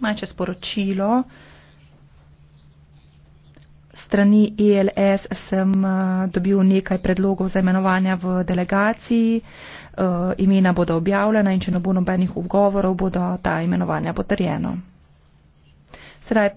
Majče sporočilo strani ELS sem eh, dobil nekaj predlogov za imenovanja v delegaciji. Eh, imena bodo objavljena in če ne bo nobenih ugovorov, bodo ta imenovanja potrjeno. Sedaj